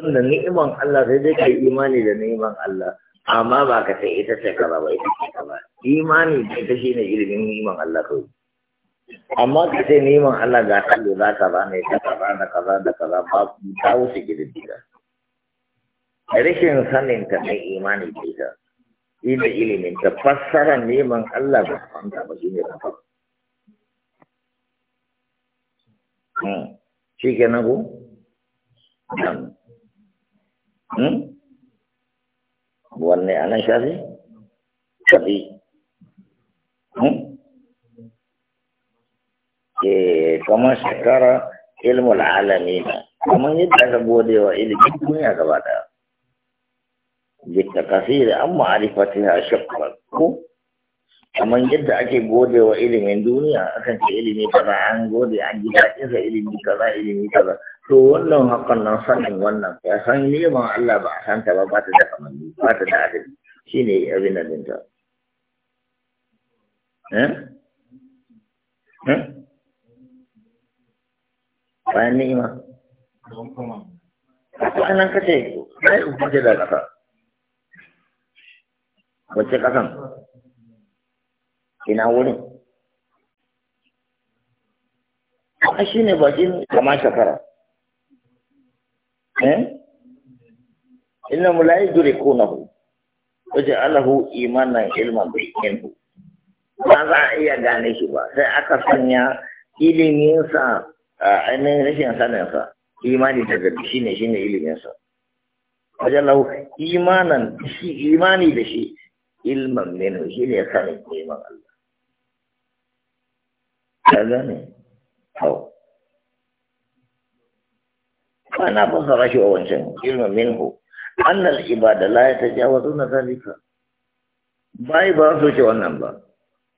tunda ni'iman Allah sai dai kai imani da ni'iman Allah amma ba ka sai ita ce ka ba ita ce ba imani da ita shine ilimin ni'iman Allah kawai amma ka sai ni'iman Allah ga ta da ka ba ne ka ba da kaza da kaza ba ta wuce gidan rashin sanin ta ne imani da ita ina ilimin ta fassara neman Allah ba fanta ba shine ta hmm. shi kenan ko hmm. wanne a nan shafi? shafi ke kamar shekara ilmul alami na kamar yadda aka gode wa ilimin duniya gaba daya بالتكاثير عن معرفتها شقا kaman yadda ake gode wa ilimin duniya akan ce ilimi kaza an gode an ji daɗin sa ilimi kaza ilimi kaza to wannan hakan nan sanin wannan ya san neman Allah ba a santa ba ba ta da kamanni ba ta da Shi shine abin da dinta eh eh bayan ni'ima ko anan kace sai ubuje da ƙasa, wacce ƙasan. ina wurin a shi ne bakin kama shakara Inna mulai juri kunahu. Wajah alahu iman na ilman bikinhu. Masa iya gani sih pak? Saya akan tanya ilingin sa. Ini ini yang sana sa. Iman itu ada di sini sini ilingin sa. Wajah alahu imanan si iman itu si ilman minu sini yang sana iman Allah. Ada nih. Oh. فأنا بصر شيء وانشان علم منه أن العبادة لا يتجاوزون ذلك باي بارسو شيء ونبا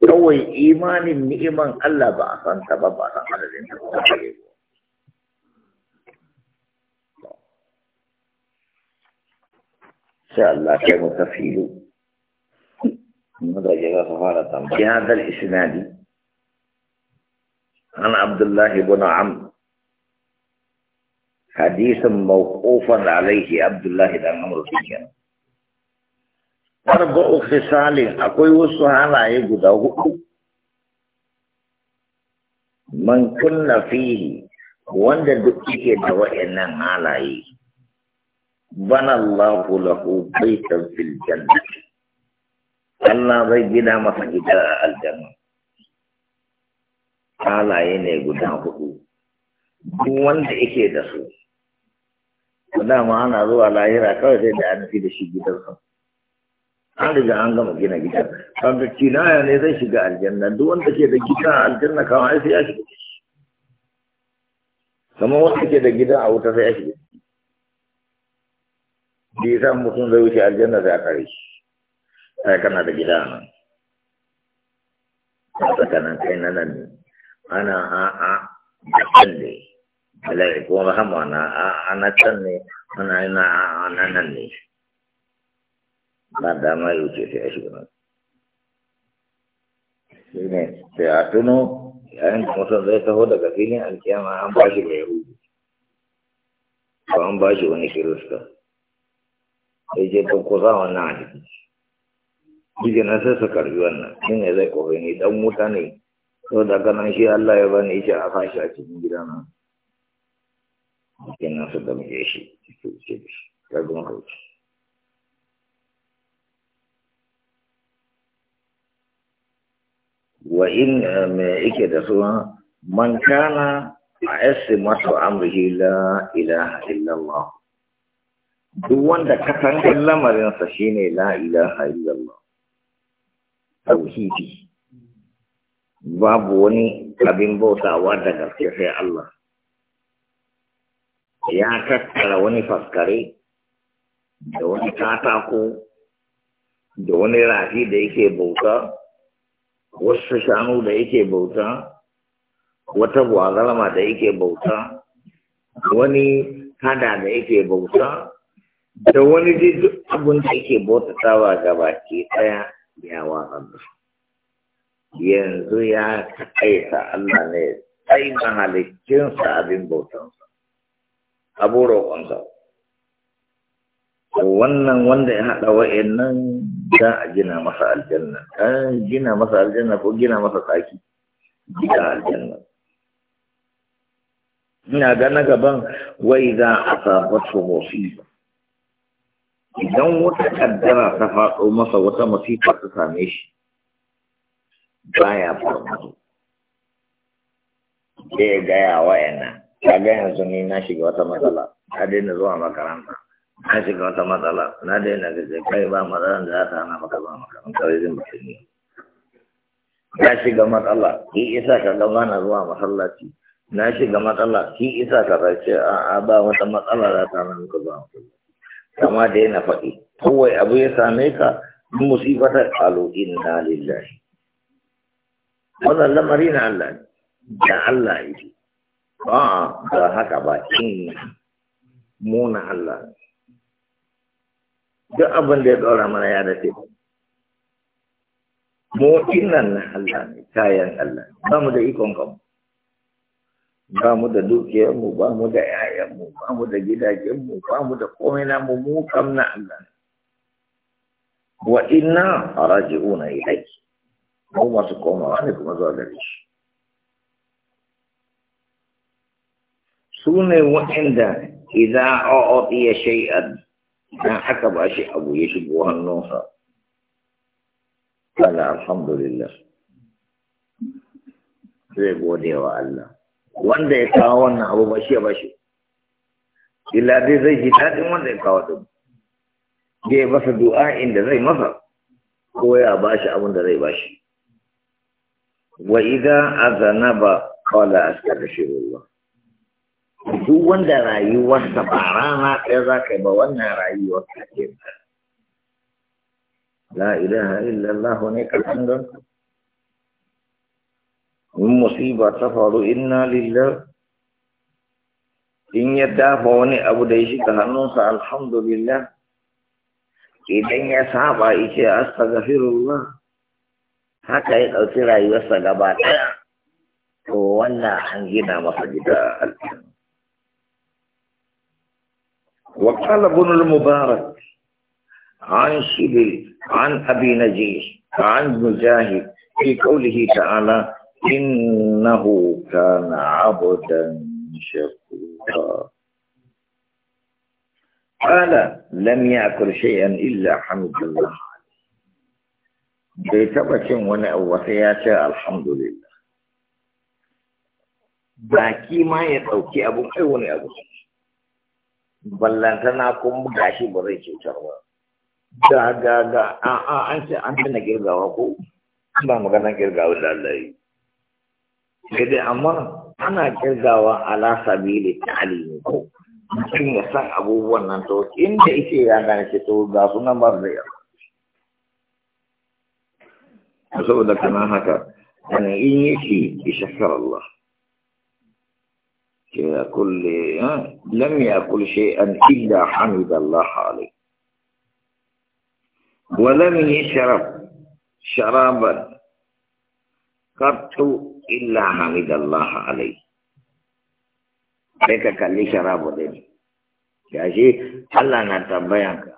kawai imanin ni'iman Allah ba a san ta ba ba san adadin ta ba sai Allah kai mu tafilu mun da ga ka an Abdullahi Buna hadisun mawqufan alaihi Abdullahi dan Umar bin Arba ukhisalin akwai wasu halaye guda hudu. Man fihi wanda duk yake da wa'annan halaye. Bana Allahu lahu fil Allah zai gina masa gida a aljanna. Halaye ne guda hudu. Duk wanda yake da su. dama ana zuwa lahira kawai sai da an fi da shi gidansa an riga an gama gina gidan kan ga kinaya ne zai shiga aljanna duk wanda ke da gida a aljanna kawai sai ya shiga kamar wanda ke da gida a wuta sai ya shiga bi ya mutum zai wuce aljanna sai a kare shi ai kana da gida nan a tsakanin kai na nan ana a'a da kan ne alai ko rahama na ana can ne ana ina ana nan ne ba dama ya wuce sai a shiga nan shi ne sai a tuno yayin da mutum zai taho daga filin alkiyama an ba shi mai rubu ko an ba shi wani kirista sai je ta kusa wannan a jiki jiki na sai su karbi wannan shi ne zai kofi ni dan wuta ne sau daga nan shi Allah ya bani shi a fashi a cikin gidana. mungkin su da muke shi su ce wa in eh, me yake da suna man kana a yasi masu amurhi la ilaha illallah duk wanda katangar lamarinsa shine la ilaha illallah tauhidi babu wani abin bautawa da gaske sai Allah ya tattara wani faskare da wani katako da wani rafi da yake bauta wasu shanu da yake bauta wata gwazarma da yake bauta wani hada da yake bauta da wani duk abin da yake bautatawa gabaki ɗaya ya watsar da yanzu ya kaita Allah ne tsaye mahalicinsa abin bautansa abu roƙonsa wannan wanda ya haɗa wa'annan za a gina masa aljanna an gina masa aljanna ko gina masa tsaki gina aljanna ina ga na gaban wai za a sabata musiba idan wata kaddara ta faɗo masa wata masifa ta same shi baya farmazo zai gaya wa'annan kaga yanzu ni na shiga wata matsala na daina zuwa makaranta na shiga wata matsala na daina gaje kai ba matsalan da za ta hana maka zuwa makaranta wai zan mutum ne na shiga matsala shi isa ka ga bana zuwa masallaci na shiga matsala shi isa ka ga ce a ba wata matsala za ta hana maka zuwa masallaci kama daina faɗi kawai abu ya same ka in musibatar alo inna lillahi wannan lamari na Allah ne da Allah yake ba da haka ba in muna Allah duk abin da ya ɗora mana ya da teku, mu inan na Allah ne kayan Allah ba mu da ikon kanmu ba mu da dukiyarmu ba mu da ‘ya'yanmu ba mu da gidajenmu ba mu da komai namu mu kam na Allah wa inna raji'una ilai mu masu komawa ne kuma zuwa gare shi su ne waɗanda idan a'o'i shay'an dan aka ba shi abu ya shigo hannunsa kala alhamdulillah zai gode wa Allah wanda ya kawo wannan abu ba shi ya ba shi illa zai ji daɗin wanda ya kawo ɗin zai masa du'a inda zai masa ko ya ba shi abin da zai ba shi wa idan azanaba qala astaghfirullah duk wanda rayuwarsa ba rana ɗaya za ka yi ba wannan rayuwar ka ce la ilaha illallah ne ƙarfin don in musiba ta faru inna lillah in ya dafa wani abu da ya shiga hannunsa alhamdulillah idan ya saba ice astaghfirullah haka ya ɗauki rayuwarsa gaba ɗaya to wannan an gina masa gida aljanna وقال ابن المبارك عن سبيل عن أبي نجيش عن مجاهد في قوله تعالى إنه كان عبدا شكورا قال لم يأكل شيئا إلا حمد الله bai taba وسياتي الحمد لله باكي ما يتوكي alhamdulillah baki ma ballantana kun buga shi ba zai cutar ba da ga ga a an ce an tana girgawa ko ba magana girgawa da Allah yi sai dai amma ana girgawa ala sabili ta'limi ko mutum ya san abubuwan nan to inda yake ya gane ce to ga sunan ba zai saboda kana haka in shi ishakar Allah كل لم يأكل شيئا إلا حمد الله عليه ولم يشرب شرابا قط إلا حمد الله عليه لك كل شراب يا كاشي الله نتبعك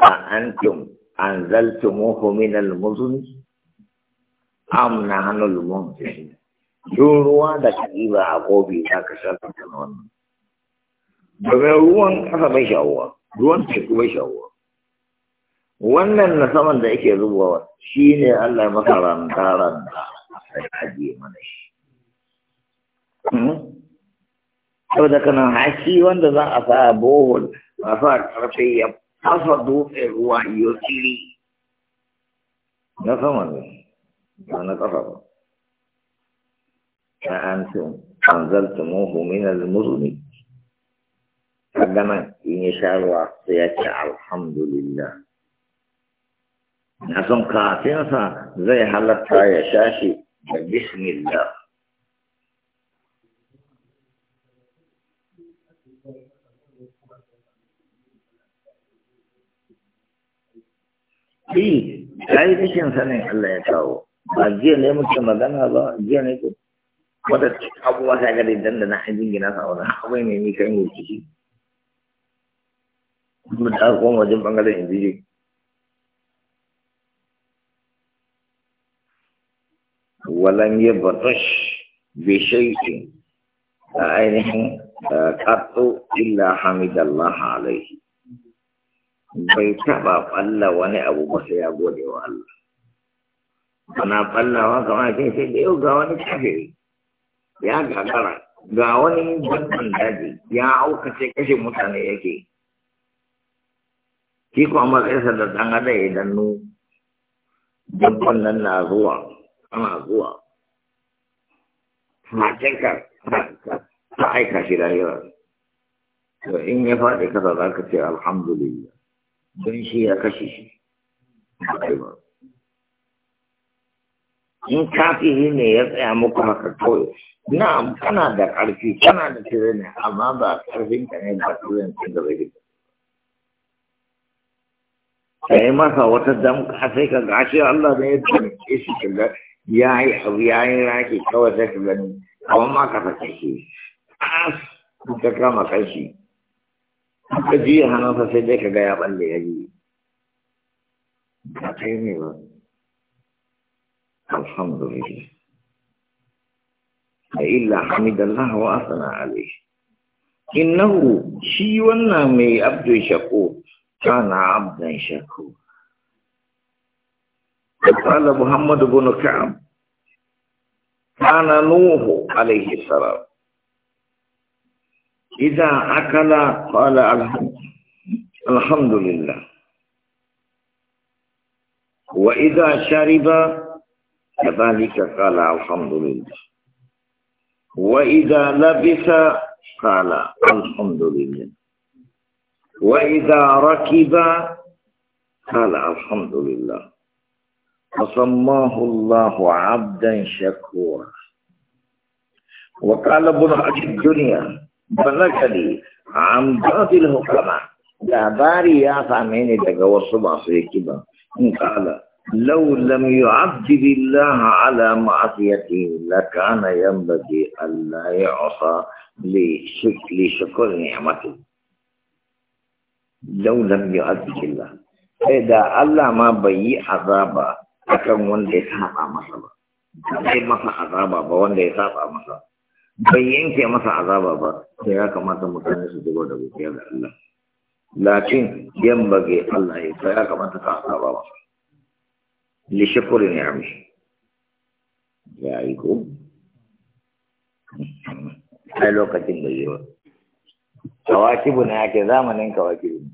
أأنتم أنزلتموه من المزن أم نحن المنزلين duk ruwa da ka ɗiba a kofi za ka sha kan wannan Daga ruwan ƙasa bai shawuwa ruwan teku bai shawuwa wannan na saman da yake zubawa shi ne Allah maka ranta ranta sai ajiye mana shi hmm? da kanan haki wanda za a sa bohol a sa karfe ya fasa dutse ruwa yau tiri. na saman ne ba na ƙasa ba أنتم أنزلتموه من المزن قدما إن شاء الله سيأتي الحمد لله نحن كافينا زي حلتا يا شاشي بسم الله في إيه، أي شيء سنة الله يتعوه ما جينا يمكن هذا الله جينا يقول wata abubuwa ta gari dan da na an gina sa wani abu ne mai kan yi ciki kuma da kuma wajen bangaren injiri walam ya batash bi da ainihin kato illa hamidallah alaihi bai taba falla wani abu ba sai ya gode wa Allah ana fallawa kamar sai da yau ga wani kafiri ya gagara ga wani dabban daji ya aukace kashe mutane yake Kiko a matsayinsa da ɗan ada idan nu dabban nan na zuwa ana zuwa matinka ta aika shi lahira to in ya faɗi kasa za ka ce alhamdulillah don shi ya kashe shi ba in kafiri ne ya tsaya muku haka kawai na kana da ƙarfi kana da tire ne amma ba ƙarfin ka ne ba turin da gaba gida ka yi masa wata damka sai ka gashi Allah ne ya ke shi kila ya yi abu ya yi raki kawai sai ka gani kawai ma ka sake shi as ka kama kanshi ka ji hannunsa sai dai ka ga ya balle ya yi ba yi ne ba الحمد لله إلا حمد الله وأثنى عليه إنه شي ونامي عبد شكور كان عبدا شكور قال محمد بن كعب كان نوح عليه السلام إذا أكل قال الحمد لله وإذا شرب كذلك قال الحمد لله وإذا لبث قال الحمد لله وإذا ركب قال الحمد لله فسماه الله عبدا شكورا وقال ابن حج الدنيا لي عن بعض الحكماء لا باري يا ni daga wasu masu hikima in لو لم يعذب الله على معصيته لكان ينبغي ألا يعصى لشكر نعمته لو لم يعذب الله إذا الله ما بي عذابا أكم وان يسابع مصابا أكم مصا عذابا بوان يسابع مصابا بيين كي مصا عذابا با سيراك ما تمتاني سجبو دبو الله لكن ينبغي الله يسابع مصابا لشكر نعمه يعيكو a lokacin bai yi ba kawakibu na yake zamanin kawakibu